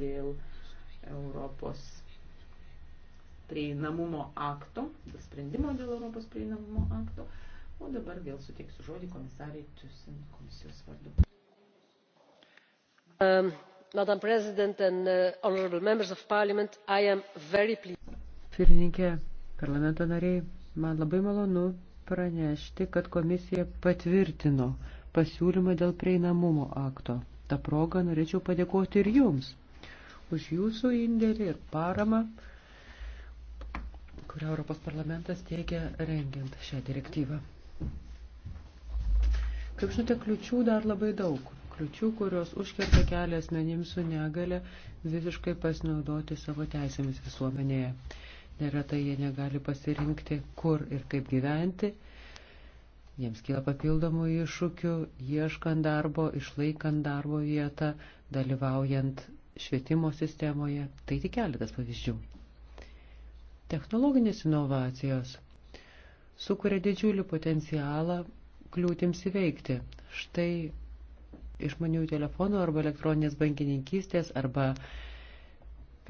dėl Europos prieinamumo akto, dėl sprendimo dėl Europos prieinamumo akto. O dabar vėl suteiksiu žodį komisariai Tusin komisijos vardu. Um, Madam President and uh, honorable members of parliament, I am very pleased. Pirmininkė, parlamento nariai, man labai malonu pranešti, kad komisija patvirtino pasiūlymą dėl prieinamumo akto. Ta proga norėčiau padėkoti ir jums už jūsų indėlį ir paramą, kurią Europos parlamentas teikia rengiant šią direktyvą. Kaip žinote, kliučių dar labai daug. Kliučių, kurios užkerta kelią asmenims su negale visiškai pasinaudoti savo teisėmis visuomenėje. Neretai jie negali pasirinkti, kur ir kaip gyventi. Jiems kyla papildomų iššūkių, ieškant darbo, išlaikant darbo vietą, dalyvaujant švietimo sistemoje. Tai tik keletas pavyzdžių. Technologinės inovacijos sukuria didžiulį potencialą kliūtims įveikti. Štai išmanių telefonų arba elektroninės bankininkystės arba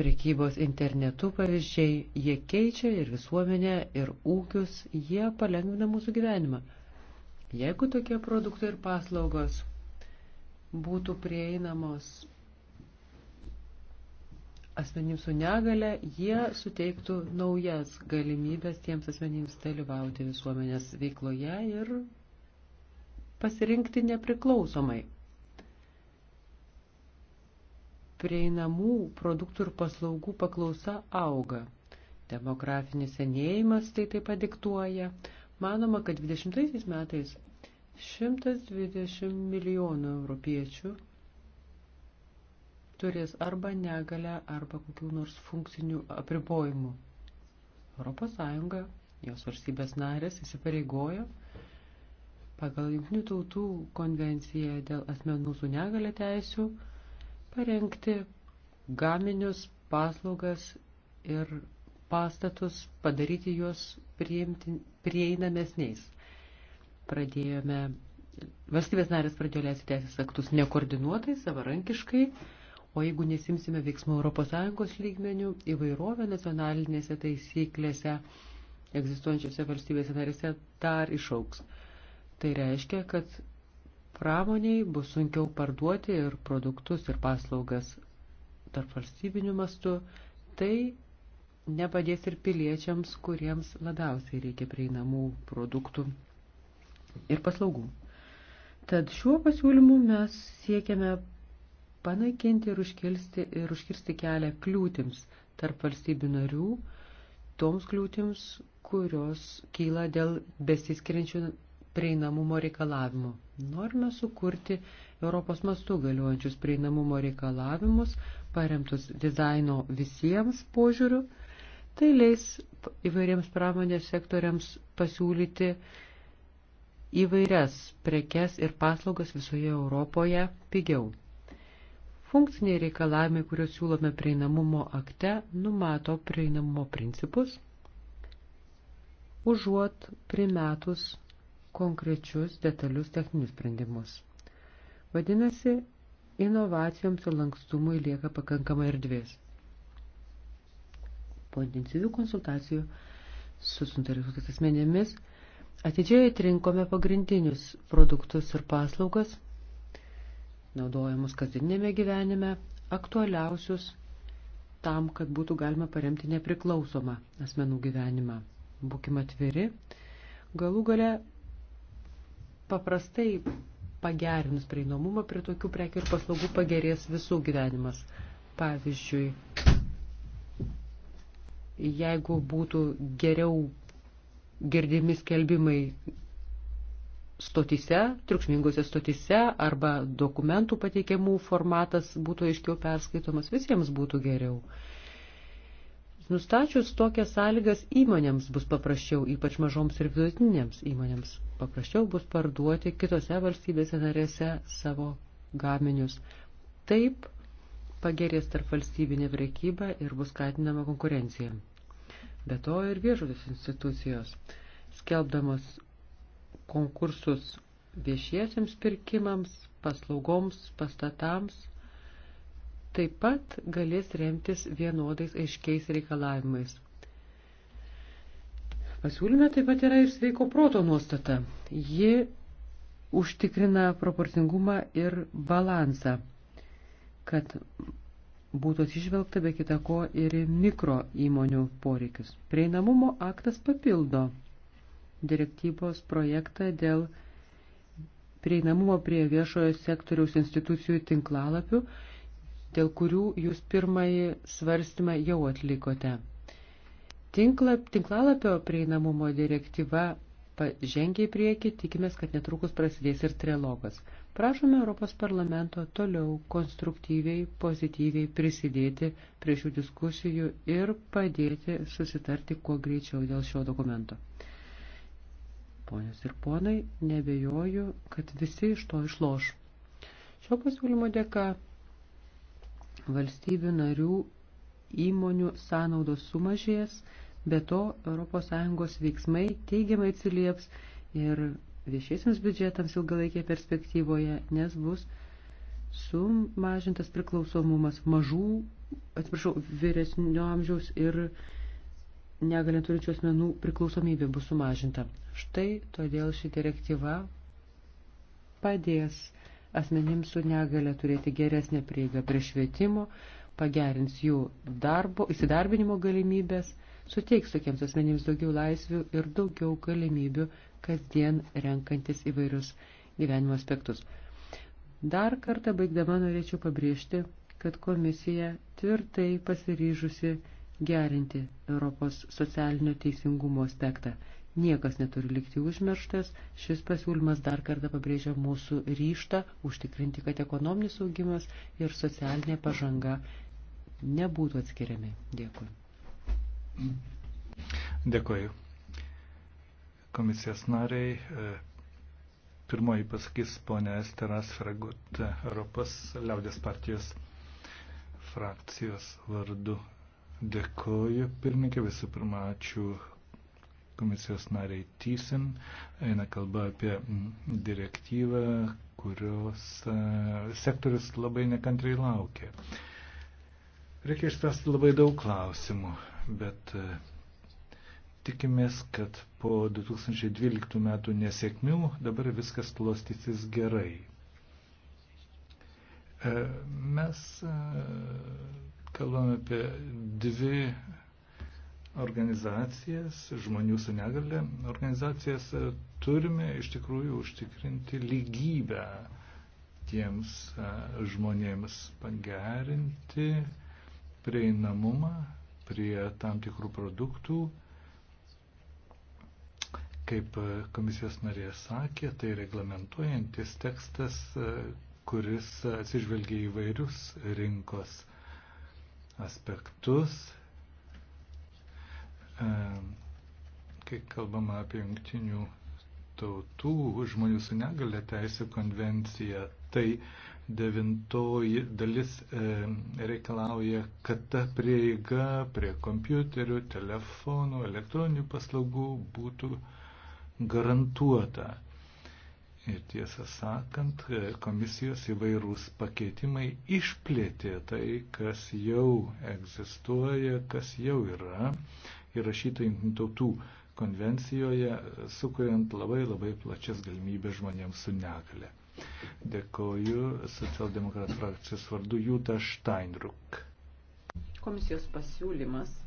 prekybos internetu pavyzdžiai, jie keičia ir visuomenę, ir ūkius, jie palengvina mūsų gyvenimą. Jeigu tokie produktai ir paslaugos būtų prieinamos asmenims su negale, jie suteiktų naujas galimybės tiems asmenims dalyvauti visuomenės veikloje ir pasirinkti nepriklausomai. Prieinamų produktų ir paslaugų paklausa auga. Demografinis senėjimas tai taip pat diktuoja. Manoma, kad 20 metais 120 milijonų europiečių turės arba negalę, arba kokių nors funkcinių apribojimų. Europos Sąjunga, jos valstybės narės įsipareigojo pagal Junktinių tautų konvenciją dėl asmenų su negale teisių parengti gaminius, paslaugas ir pastatus, padaryti juos priimti, prieinamesniais. Pradėjome, valstybės narės pradėjo leisti teisės aktus nekoordinuotai, savarankiškai, O jeigu nesimsime veiksmų ES lygmenių, įvairovė nacionalinėse taisyklėse egzistuojančiose valstybėse narėse dar išauks. Tai reiškia, kad pramoniai bus sunkiau parduoti ir produktus ir paslaugas tarp valstybinių mastų, tai nepadės ir piliečiams, kuriems labiausiai reikia prieinamų produktų ir paslaugų. Tad šiuo pasiūlymu mes siekiame panaikinti ir užkirsti, ir užkirsti kelią kliūtims tarp valstybių narių, toms kliūtims, kurios kyla dėl besiskiriančių prieinamumo reikalavimų. Norime sukurti Europos mastų galiuojančius prieinamumo reikalavimus, paremtus dizaino visiems požiūriu. Tai leis įvairiems pramonės sektoriams pasiūlyti įvairias prekes ir paslaugas visoje Europoje pigiau. Funkciniai reikalavimai, kuriuos siūlome prieinamumo akte, numato prieinamumo principus, užuot primetus konkrečius detalius techninius sprendimus. Vadinasi, inovacijoms ir lankstumui lieka pakankamai erdvės. Po intensyvių konsultacijų su suinteresuotais asmenėmis atidžiai atrinkome pagrindinius produktus ir paslaugas – naudojamus kasdieninėme gyvenime, aktualiausius tam, kad būtų galima paremti nepriklausomą asmenų gyvenimą. Būkime atviri, galų gale paprastai pagerinus prieinamumą prie tokių prekių ir paslaugų pagerės visų gyvenimas. Pavyzdžiui, jeigu būtų geriau girdimi skelbimai stotise, triukšmingose stotise arba dokumentų pateikiamų formatas būtų aiškiau perskaitomas, visiems būtų geriau. Nustačius tokias sąlygas įmonėms bus paprasčiau, ypač mažoms ir vidutinėms įmonėms, paprasčiau bus parduoti kitose valstybėse narėse savo gaminius. Taip pagerės tarp valstybinė prekyba ir bus skatinama konkurencija. Be to ir viešosios institucijos, skelbdamos konkursus viešiesiams pirkimams, paslaugoms, pastatams, taip pat galės remtis vienodais aiškiais reikalavimais. Pasiūlyme taip pat yra ir sveiko proto nuostata. Ji užtikrina proporcingumą ir balansą, kad būtų atsižvelgta be kitako ir mikro įmonių poreikius. Prieinamumo aktas papildo direktyvos projektą dėl prieinamumo prie viešojo sektoriaus institucijų tinklalapių, dėl kurių jūs pirmąjį svarstymą jau atlikote. Tinklap, tinklalapio prieinamumo direktyva pažengia į priekį, tikimės, kad netrukus prasidės ir trilogas. Prašome Europos parlamento toliau konstruktyviai, pozityviai prisidėti prie šių diskusijų ir padėti susitarti kuo greičiau dėl šio dokumento. Ponios ir ponai, nebejoju, kad visi iš to išloš. Šio pasiūlymo dėka valstybių narių įmonių sąnaudos sumažės, be to ES veiksmai teigiamai atsilieps ir viešiesiams biudžetams ilgalaikėje perspektyvoje, nes bus sumažintas priklausomumas mažų, atsiprašau, vyresnio amžiaus ir negalė turinčių asmenų priklausomybė bus sumažinta. Štai todėl ši direktyva padės asmenims su negalė turėti geresnę prieigą prie švietimo, pagerins jų darbo, įsidarbinimo galimybės, suteiks tokiems asmenims daugiau laisvių ir daugiau galimybių kasdien renkantis įvairius gyvenimo aspektus. Dar kartą baigdama norėčiau pabrėžti, kad komisija tvirtai pasiryžusi gerinti Europos socialinio teisingumo aspektą. Niekas neturi likti užmirštas, šis pasiūlymas dar kartą pabrėžia mūsų ryštą užtikrinti, kad ekonominis augimas ir socialinė pažanga nebūtų atskiriami. Dėkui. Dėkuoju. Komisijos nariai, e, pirmoji pasakys ponė Esteras Fragut, Europos liaudės partijos frakcijos vardu Dėkoju pirmininkė visų pirma, ačiū komisijos nariai Tysin. Eina kalba apie direktyvą, kurios e, sektorius labai nekantriai laukia. Reikia išspręsti labai daug klausimų, bet e, tikimės, kad po 2012 metų nesėkmių dabar viskas klostysis gerai. E, mes Kalbame apie dvi organizacijas, žmonių su negale organizacijas. Turime iš tikrųjų užtikrinti lygybę tiems žmonėms, pagerinti prieinamumą prie tam tikrų produktų. Kaip komisijos narė sakė, tai reglamentuojantis tekstas, kuris atsižvelgia į vairius rinkos aspektus, e, kai kalbama apie jungtinių tautų žmonių su negale teisų konvenciją, tai devintoji dalis e, reikalauja, kad ta prieiga prie kompiuterių, telefonų, elektroninių paslaugų būtų garantuota. Ir tiesą sakant, komisijos įvairūs pakeitimai išplėtė tai, kas jau egzistuoja, kas jau yra įrašyta jungtinių tautų konvencijoje, sukuriant labai labai plačias galimybės žmonėms su negale. Dėkoju socialdemokratų frakcijos vardu Jūta Steinruk. Komisijos pasiūlymas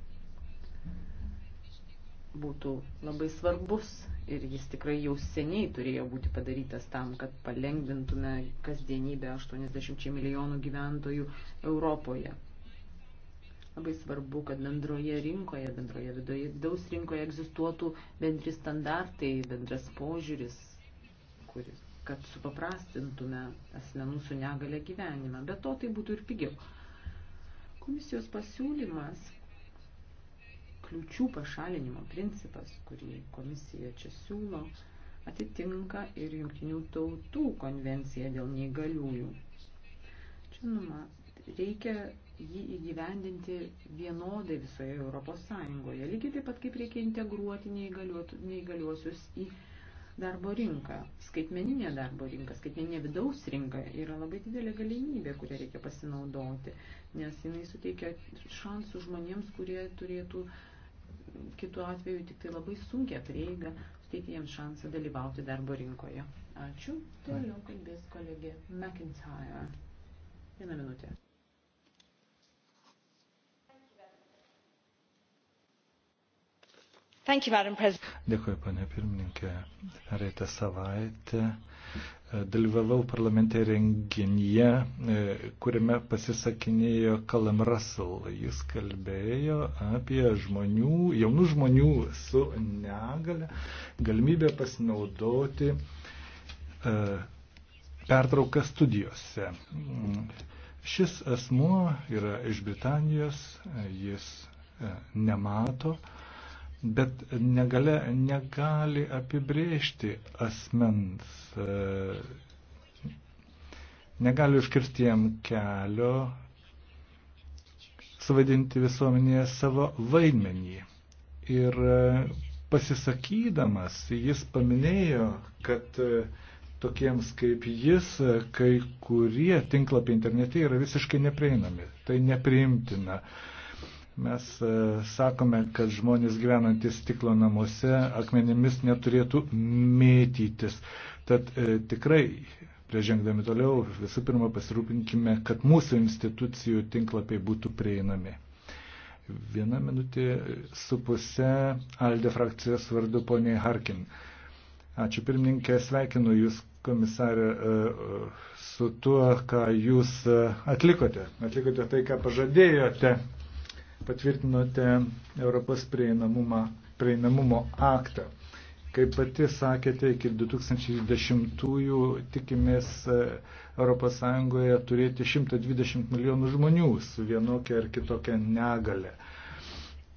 būtų labai svarbus ir jis tikrai jau seniai turėjo būti padarytas tam, kad palengvintume kasdienybę 80 milijonų gyventojų Europoje. Labai svarbu, kad bendroje rinkoje, bendroje vidaus rinkoje egzistuotų bendri standartai, bendras požiūris, kuris, kad supaprastintume asmenų su negale gyvenimą. Be to tai būtų ir pigiau. Komisijos pasiūlymas kliūčių pašalinimo principas, kurį komisija čia siūlo, atitinka ir jungtinių tautų konvenciją dėl neįgaliųjų. Čia numa, reikia jį įgyvendinti vienodai visoje Europos Sąjungoje, lygiai taip pat kaip reikia integruoti neįgaliuosius į darbo rinką. Skaitmeninė darbo rinka, skaitmeninė vidaus rinka yra labai didelė galimybė, kurią reikia pasinaudoti, nes jinai suteikia šansų žmonėms, kurie turėtų uh, kitų atveju tik tai labai sunkia prieiga suteikti jiems šansą dalyvauti darbo rinkoje. Ačiū. Toliau kalbės kolegė McIntyre. Vieną minutę. Dėkuoju, panė pirmininkė. Reitą savaitę dalyvavau parlamente renginyje, e, kuriame pasisakinėjo Kalam Russell. Jis kalbėjo apie žmonių, jaunų žmonių su negale galimybę pasinaudoti e, pertrauką studijose. Šis asmuo yra iš Britanijos, jis e, nemato, bet negale negali apibrėžti asmens, e, negali užkirsti jam kelio suvadinti visuomenėje savo vaidmenį. Ir e, pasisakydamas jis paminėjo, kad e, tokiems kaip jis, kai kurie tinklapiai internete yra visiškai neprieinami. Tai nepriimtina. Uh, Mes e, sakome, kad žmonės gyvenantis stiklo namuose akmenimis neturėtų mėtytis. Tad e, tikrai, prieš žengdami toliau, visų pirma pasirūpinkime, kad mūsų institucijų tinklapiai būtų prieinami. Viena minutė su pusė Alde frakcijos vardu poniai Harkin. Ačiū pirmininkė, sveikinu Jūs, komisarė, e, e, su tuo, ką Jūs atlikote. Atlikote tai, ką pažadėjote patvirtinote Europos prieinamumo aktą. Kaip pati sakėte, iki 2010-ųjų tikimės ES turėti 120 milijonų žmonių su vienokia ar kitokia negale.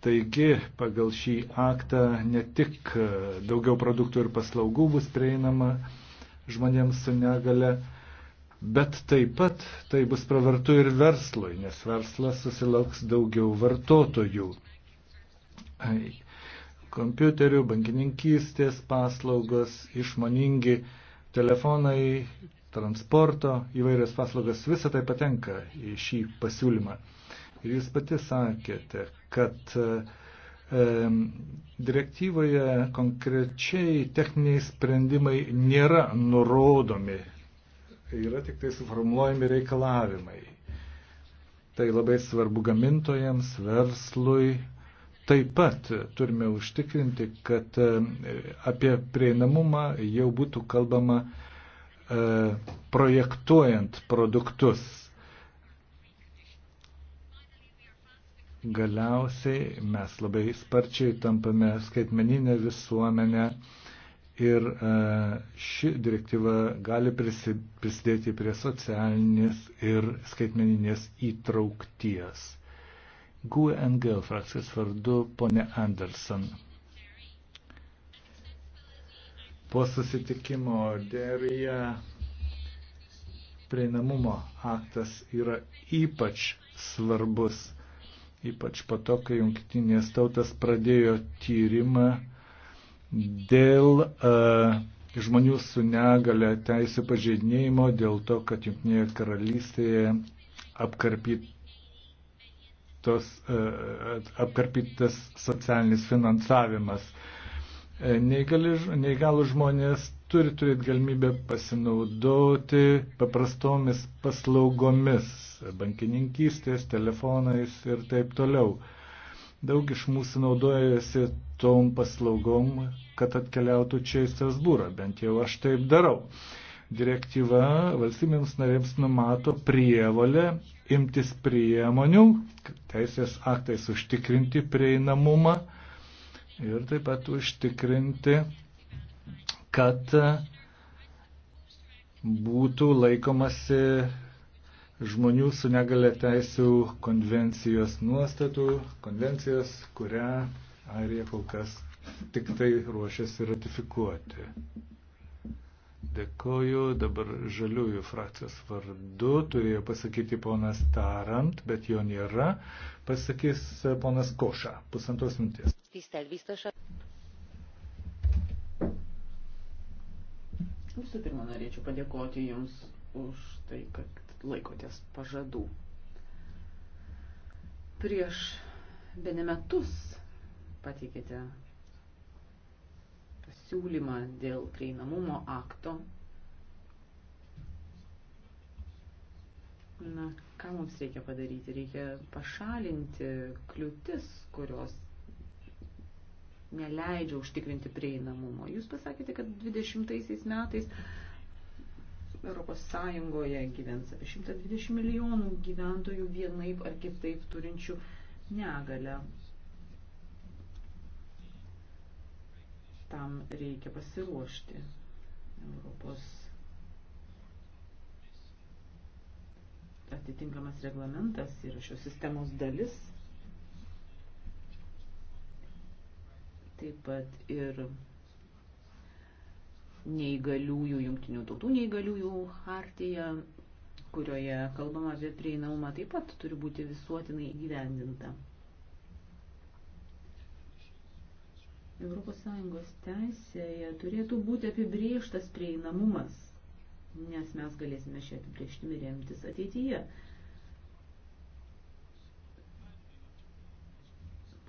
Taigi, pagal šį aktą ne tik e, daugiau produktų ir paslaugų bus prieinama žmonėms su negale, bet taip pat tai bus pravartu ir verslui, nes verslas susilauks daugiau vartotojų. Kompiuterių, bankininkystės paslaugos, išmaningi telefonai, transporto įvairios paslaugos, visa tai patenka į šį pasiūlymą. Ir jūs pati sakėte, kad e, direktyvoje konkrečiai techniniai sprendimai nėra nurodomi yra tik tai suformuojami reikalavimai. Tai labai svarbu gamintojams, verslui. Taip pat turime užtikrinti, kad e, apie prieinamumą jau būtų kalbama e, projektuojant produktus. Galiausiai mes labai sparčiai tampame skaitmeninę visuomenę, ir e, ši direktyva gali prisidėti prie socialinės ir skaitmeninės įtraukties. GUNGL frakcijos vardu ponė Anderson. Po susitikimo dėrėje prieinamumo aktas yra ypač svarbus, ypač po to, kai jungtinės tautas pradėjo tyrimą dėl uh, žmonių su negale teisų pažeidinėjimo, dėl to, kad Junktinėje karalystėje apkarpytos, uh, apkarpytas socialinis finansavimas. E, neįgalų žmonės turi turėti galimybę pasinaudoti paprastomis paslaugomis, bankininkystės, telefonais ir taip toliau. Daug iš mūsų naudojasi tom paslaugom, kad atkeliautų čia į Strasbūrą, bent jau aš taip darau. Direktyva valstybėms narėms numato prievalę imtis priemonių, teisės aktais užtikrinti prieinamumą ir taip pat užtikrinti, kad būtų laikomasi žmonių su negale teisų konvencijos nuostatų, konvencijos, kurią Airija kol kas tik tai ruošiasi ratifikuoti. Dėkoju dabar žaliųjų frakcijos vardu, turėjo pasakyti ponas Tarant, bet jo nėra, pasakys ponas Koša, pusantos minties. Visų pirma, norėčiau padėkoti Jums už tai, kad laikotės pažadų. Prieš bene metus pateikėte pasiūlymą dėl prieinamumo akto. Na, ką mums reikia padaryti? Reikia pašalinti kliūtis, kurios neleidžia užtikrinti prieinamumo. Jūs pasakėte, kad 20 metais Europos Sąjungoje gyvens apie 120 milijonų gyventojų vienaip ar kitaip turinčių negalę. Tam reikia pasiruošti. Europos atitinkamas reglamentas yra šios sistemos dalis. Taip pat ir neįgaliųjų, jungtinių tautų neįgaliųjų hartija, kurioje kalbama apie prieinamumą, taip pat turi būti visuotinai įgyvendinta. ES teisėje turėtų būti apibrieštas prieinamumas, nes mes galėsime šią apibrieštimi remtis ateityje.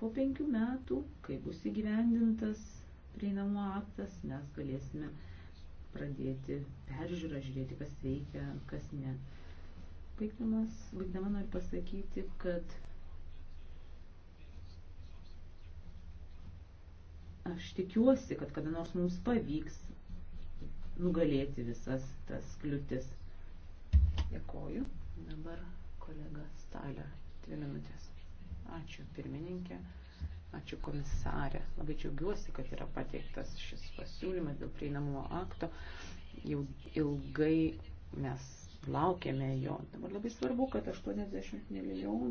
Po penkių metų, kai bus įgyvendintas prieinamo aktas, mes galėsime pradėti peržiūrą, žiūrėti, kas veikia, kas ne. Baigdamas, baigdama noriu pasakyti, kad aš tikiuosi, kad kada nors mums pavyks nugalėti visas tas kliūtis. Dėkoju. Dabar kolega Stalė, dvi minutės. Ačiū, pirmininkė. Ačiū komisarė. Labai džiaugiuosi, kad yra pateiktas šis pasiūlymas dėl prieinamumo akto. Jau ilgai mes laukėme jo. Dabar labai svarbu, kad 80 milijonų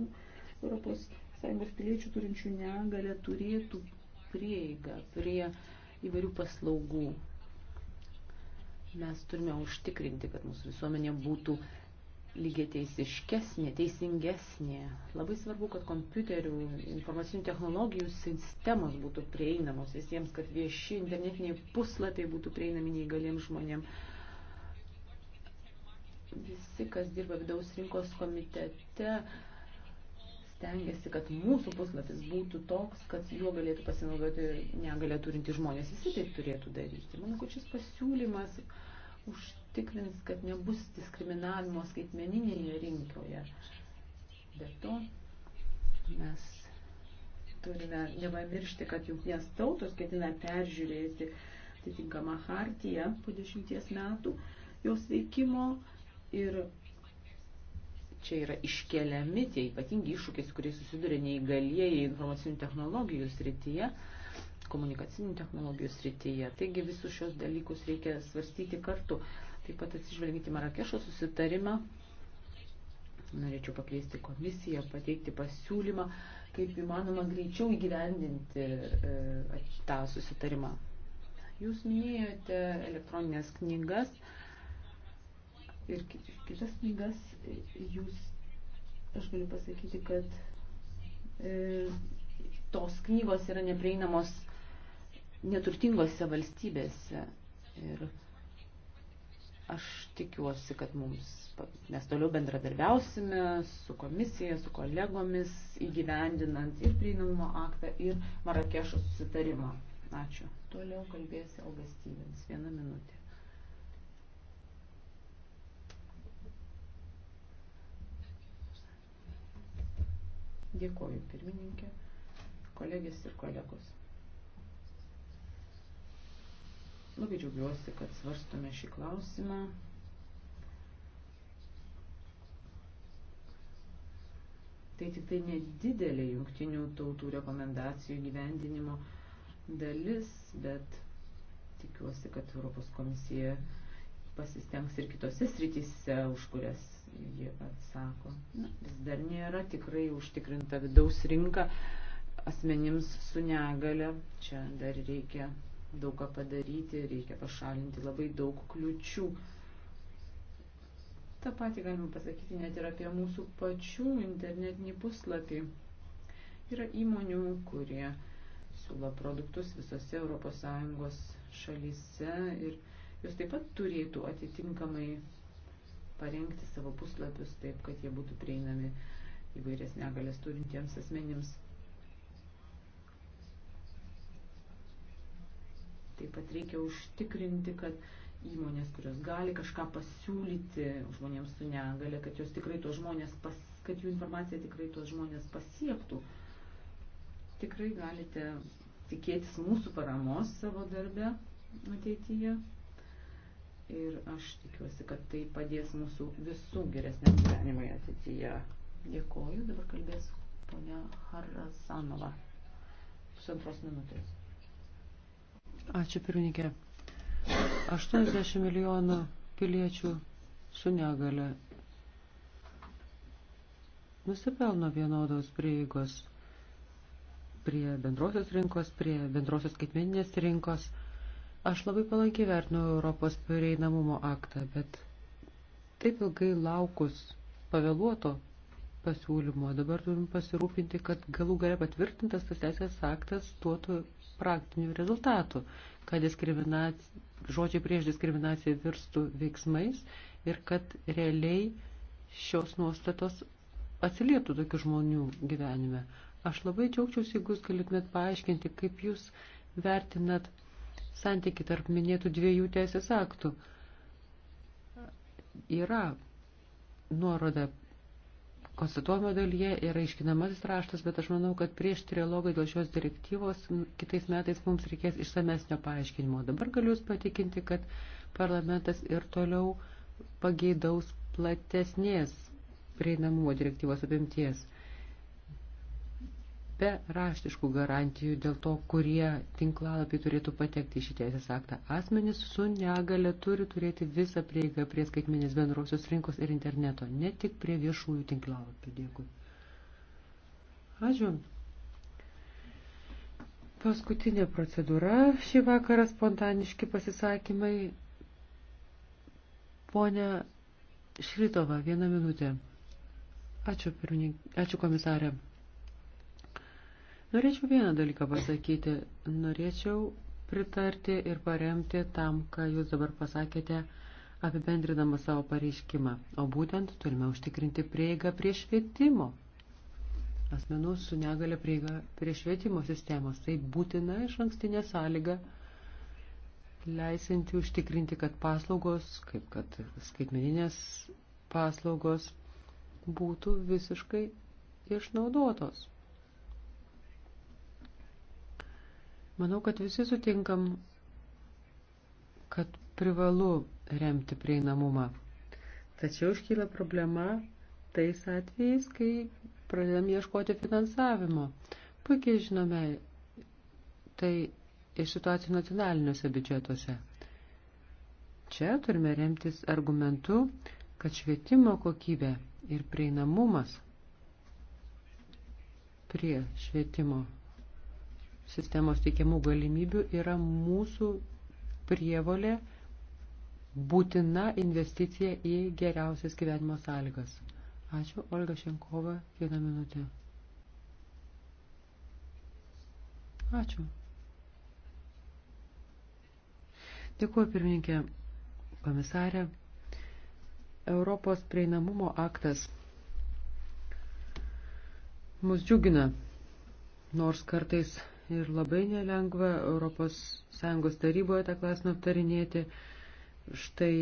Europos Sąjungos piliečių turinčių negalę turėtų prieigą prie įvairių paslaugų. Mes turime užtikrinti, kad mūsų visuomenė būtų lygiai teisiškesnė, teisingesnė. Labai svarbu, kad kompiuterių, informacinių technologijų sistemos būtų prieinamos visiems, kad vieši internetiniai puslapiai būtų prieinami neįgaliems žmonėms. Visi, kas dirba vidaus rinkos komitete, stengiasi, kad mūsų puslapis būtų toks, kad juo galėtų pasinaudoti negalę turinti žmonės. Visi taip turėtų daryti. Manau, kad šis pasiūlymas už užtikrins, kad nebus diskriminavimo skaitmeninėje rinkoje. Be to, mes turime nepamiršti, kad jungtinės tautos ketina peržiūrėti atitinkamą hartiją po dešimties metų jos veikimo ir čia yra iškeliami tie ypatingi iššūkiai, su kuriais susiduria neįgalieji informacinių technologijų srityje, komunikacinių technologijų srityje. Taigi visus šios dalykus reikia svarstyti kartu. Taip pat atsižvelginti Marakešo susitarimą. Norėčiau pakviesti komisiją, pateikti pasiūlymą, kaip įmanoma greičiau įgyvendinti e, tą susitarimą. Jūs minėjote elektroninės knygas ir kitas knygas. Jūs, aš galiu pasakyti, kad e, tos knygos yra neprieinamos neturtingose valstybėse. Ir Aš tikiuosi, kad mums, mes toliau bendradarbiausime su komisija, su kolegomis, įgyvendinant ir prieinamumo aktą, ir Marakešo susitarimą. Ačiū. Toliau kalbėsi Olga Stevens. Vieną minutę. Dėkoju pirmininkė, kolegės ir kolegos. Labai džiaugiuosi, kad svarstome šį klausimą. Tai tik tai nedidelė jungtinių tautų rekomendacijų gyvendinimo dalis, bet tikiuosi, kad Europos komisija pasistengs ir kitose srityse, už kurias ji atsako. Na, vis dar nėra tikrai užtikrinta vidaus rinka asmenims su negale. Čia dar reikia daug ką padaryti, reikia pašalinti labai daug kliučių. Ta pati galima pasakyti net ir apie mūsų pačių internetinį puslapį. Yra įmonių, kurie siūlo produktus visose ES šalyse ir jūs taip pat turėtų atitinkamai parengti savo puslapius taip, kad jie būtų prieinami įvairias negalės turintiems asmenims. Taip pat reikia užtikrinti, kad įmonės, kurios gali kažką pasiūlyti žmonėms su negale, kad jos tikrai tos žmonės, pas, kad jų informacija tikrai tos žmonės pasiektų. Tikrai galite tikėtis mūsų paramos savo darbe ateityje. Ir aš tikiuosi, kad tai padės mūsų visų geresniam gyvenimui ateityje. Dėkoju, dabar kalbės ponia Harasanova. Pusantros minutės. Ačiū, pirmininkė. 80 milijonų piliečių su negale nusipelno vienodos prieigos prie bendrosios rinkos, prie bendrosios skaitmeninės rinkos. Aš labai palankiai vertinu Europos prieinamumo aktą, bet taip ilgai laukus pavėluoto pasiūlymo. Dabar turim pasirūpinti, kad galų gale patvirtintas tas teisės aktas duotų praktinių rezultatų, kad diskriminac... žodžiai prieš diskriminaciją virstų veiksmais ir kad realiai šios nuostatos atsilieptų tokių žmonių gyvenime. Aš labai džiaugčiausi, jeigu jūs galėtumėt paaiškinti, kaip jūs vertinat santyki tarp minėtų dviejų teisės aktų. Yra nuoroda konstatuojamo dalyje yra iškinamasis raštas, bet aš manau, kad prieš trilogą dėl šios direktyvos kitais metais mums reikės išsamesnio paaiškinimo. Dabar galiu Jūs patikinti, kad parlamentas ir toliau pageidaus platesnės prieinamumo direktyvos apimties be raštiškų garantijų dėl to, kurie tinklalapį turėtų patekti į šį teisės aktą. Asmenys su negale turi turėti visą prieigą prie skaitminės bendrosios rinkos ir interneto, ne tik prie viešųjų tinklalapių. Dėkui. Ačiū. Paskutinė procedūra šį vakarą spontaniški pasisakymai. Pone Šritova, vieną minutę. Ačiū, pirmininkė. Ačiū komisarė. Norėčiau vieną dalyką pasakyti. Norėčiau pritarti ir paremti tam, ką jūs dabar pasakėte, apibendrinama savo pareiškimą. O būtent turime užtikrinti prieigą prie švietimo. Asmenų su negale prieiga prie švietimo sistemos. Tai būtina iš ankstinė sąlyga leisinti užtikrinti, kad paslaugos, kaip kad skaitmeninės paslaugos, būtų visiškai išnaudotos. Manau, kad visi sutinkam, kad privalu remti prieinamumą. Tačiau iškyla problema tais atvejais, kai pradedam ieškoti finansavimo. Puikiai žinome tai iš situacijų nacionaliniuose biudžetuose. Čia turime remtis argumentu, kad švietimo kokybė ir prieinamumas prie švietimo sistemos teikiamų galimybių yra mūsų prievolė būtina investicija į geriausias gyvenimo sąlygas. Ačiū, Olga Šenkova, vieną minutę. Ačiū. Dėkuoju, pirmininkė, komisarė. Europos prieinamumo aktas mus džiugina, nors kartais ir labai nelengva ES taryboje tą klausimą aptarinėti. Štai,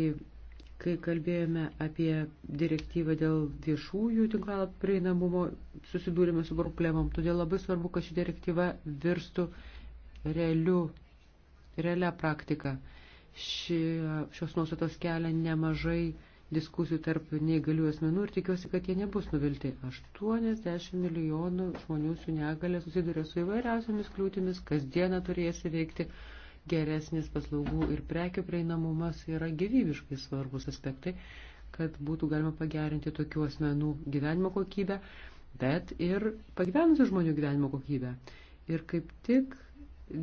kai kalbėjome apie direktyvą dėl viešųjų tinklalapio prieinamumo, susidūrėme su problemom. Todėl labai svarbu, kad ši direktyva virstų realiu, realia praktika. Ši, šios nuostatos kelia nemažai diskusijų tarp neįgalių asmenų ir tikiuosi, kad jie nebus nuvilti. 80 milijonų žmonių su negale susiduria su įvairiausiamis kliūtimis, kasdieną turės įveikti geresnis paslaugų ir prekių prieinamumas yra gyvybiškai svarbus aspektai, kad būtų galima pagerinti tokių asmenų gyvenimo kokybę, bet ir pagyvenusių žmonių gyvenimo kokybę. Ir kaip tik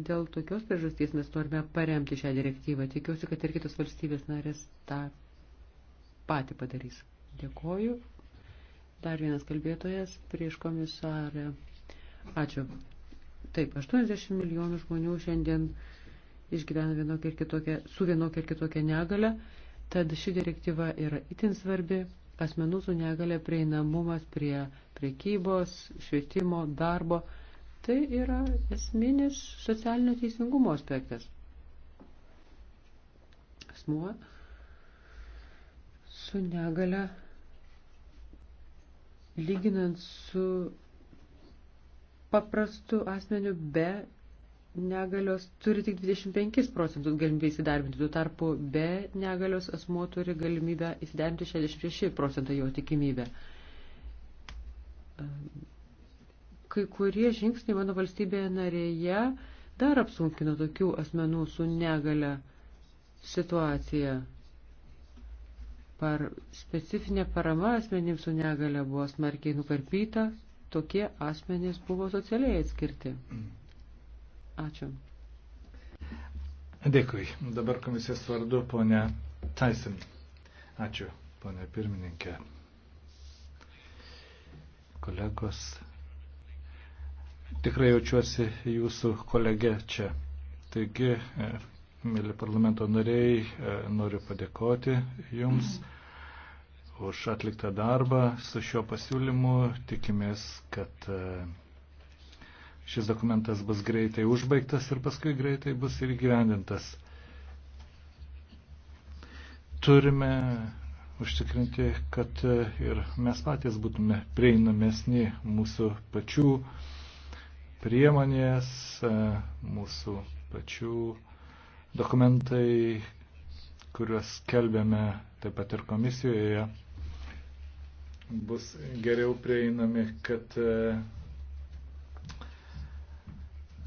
dėl tokios priežasties mes norime paremti šią direktyvą. Tikiuosi, kad ir kitos valstybės narės tą patį padarys. Dėkoju. Dar vienas kalbėtojas prieš komisarę. Ačiū. Taip, 80 milijonų žmonių šiandien išgyvena vienokia ir kitokia, su vienokia ir kitokia negale, tad ši direktyva yra itin svarbi. Asmenų su negale prieinamumas prie prekybos, švietimo, darbo. Tai yra esminis socialinio teisingumo aspektas. Asmuo su negale, lyginant su paprastu asmeniu be negalios turi tik 25 procentus galimybę įsidarbinti, tuo tarpu be negalios asmuo turi galimybę įsidarbinti 66 procentą jo tikimybę. Kai kurie žingsniai mano valstybėje narėje dar apsunkino tokių asmenų su negale situaciją. Par specifinė parama asmenims su negale buvo smarkiai nukarpyta, tokie asmenys buvo socialiai atskirti. Ačiū. Dėkui. Dabar komisijos vardu ponia Tyson. Ačiū, ponia pirmininkė. Kolegos, tikrai jaučiuosi jūsų kolege čia. Taigi, e, mėly parlamento nariai, e, noriu padėkoti Jums už atliktą darbą su šiuo pasiūlymu. Tikimės, kad e, šis dokumentas bus greitai užbaigtas ir paskui greitai bus ir gyvendintas. Turime užtikrinti, kad e, ir mes patys būtume prieinamesni mūsų pačių priemonės, mūsų pačių Dokumentai, kuriuos skelbėme taip pat ir komisijoje, bus geriau prieinami, kad e,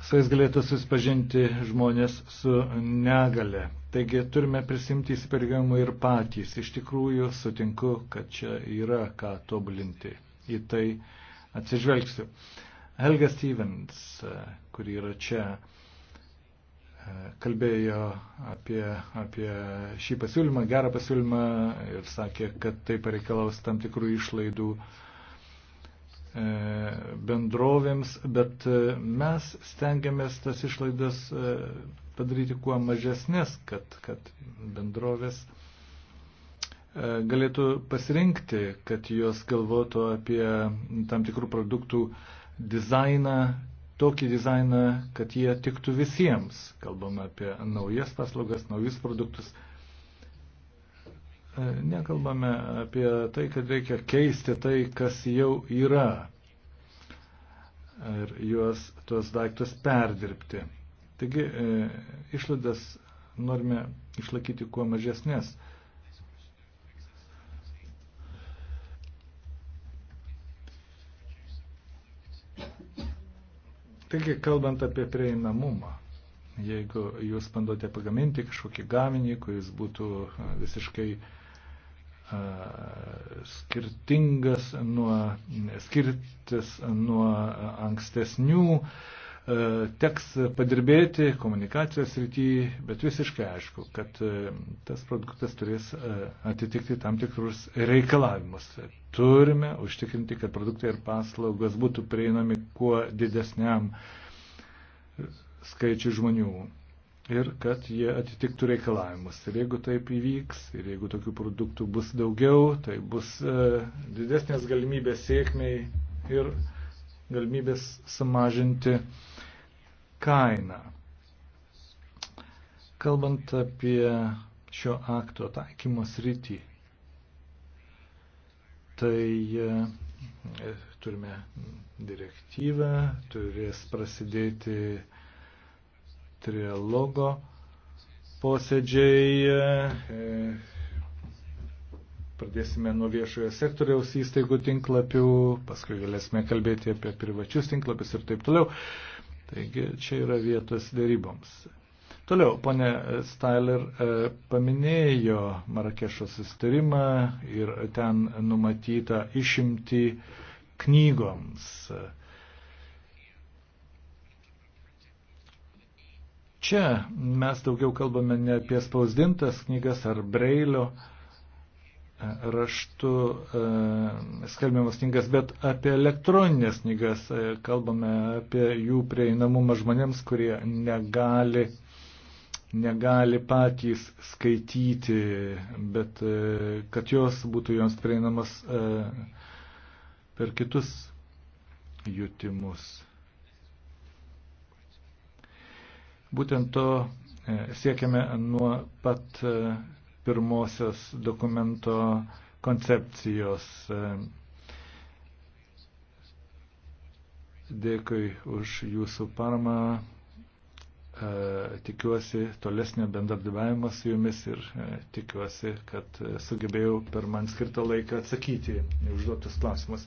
su jais galėtų susipažinti žmonės su negale. Taigi turime prisimti įsipareigojimų ir patys. Iš tikrųjų sutinku, kad čia yra ką tobulinti. Į tai atsižvelgsiu. Helga Stevens, e, kuri yra čia, kalbėjo apie, apie šį pasiūlymą, gerą pasiūlymą ir sakė, kad tai pareikalaus tam tikrų išlaidų e, bendrovėms, bet e, mes stengiamės tas išlaidas e, padaryti kuo mažesnės, kad, kad bendrovės galėtų pasirinkti, kad jos galvotų apie tam tikrų produktų dizainą, tokį dizainą, kad jie tiktų visiems. Kalbame apie naujas paslaugas, naujus produktus. E, nekalbame apie tai, kad reikia keisti tai, kas jau yra ir juos tuos daiktus perdirbti. Taigi e, išlaidas norime išlaikyti kuo mažesnės. Taigi, kalbant apie prieinamumą, jeigu jūs bandote pagaminti kažkokį gaminį, kuris būtų visiškai a, skirtingas nuo, skirtis nuo ankstesnių, a, E, teks padirbėti komunikacijos rytyje, bet visiškai aišku, kad e, tas produktas turės e, atitikti tam tikrus reikalavimus. Turime užtikrinti, kad produktai ir paslaugos būtų prieinami kuo didesniam skaičiui žmonių ir kad jie atitiktų reikalavimus. Ir jeigu taip įvyks, ir jeigu tokių produktų bus daugiau, tai bus e, didesnės galimybės sėkmiai ir galimybės sumažinti kainą. Kalbant apie šio akto taikymo sritį, tai e, turime direktyvą, turės prasidėti trialogo posėdžiai. E, Pradėsime nuo viešojo sektoriaus įstaigų tinklapių, paskui galėsime kalbėti apie privačius tinklapius ir taip toliau. Taigi čia yra vietos dėryboms. Toliau, ponė Styler e, paminėjo Marakešo sustarimą ir ten numatytą išimti knygoms. Čia mes daugiau kalbame ne apie spausdintas knygas ar breilio, raštu e, skelbiamas knygas, bet apie elektroninės knygas e, kalbame apie jų prieinamumą žmonėms, kurie negali, negali patys skaityti, bet e, kad jos būtų joms prieinamas per kitus jutimus. Būtent to siekiame nuo pat pirmosios dokumento koncepcijos. Dėkui už jūsų paramą. E, tikiuosi tolesnio bendradarbiavimo su jumis ir e, tikiuosi, kad sugebėjau per man skirtą laiką atsakyti užduotus klausimus.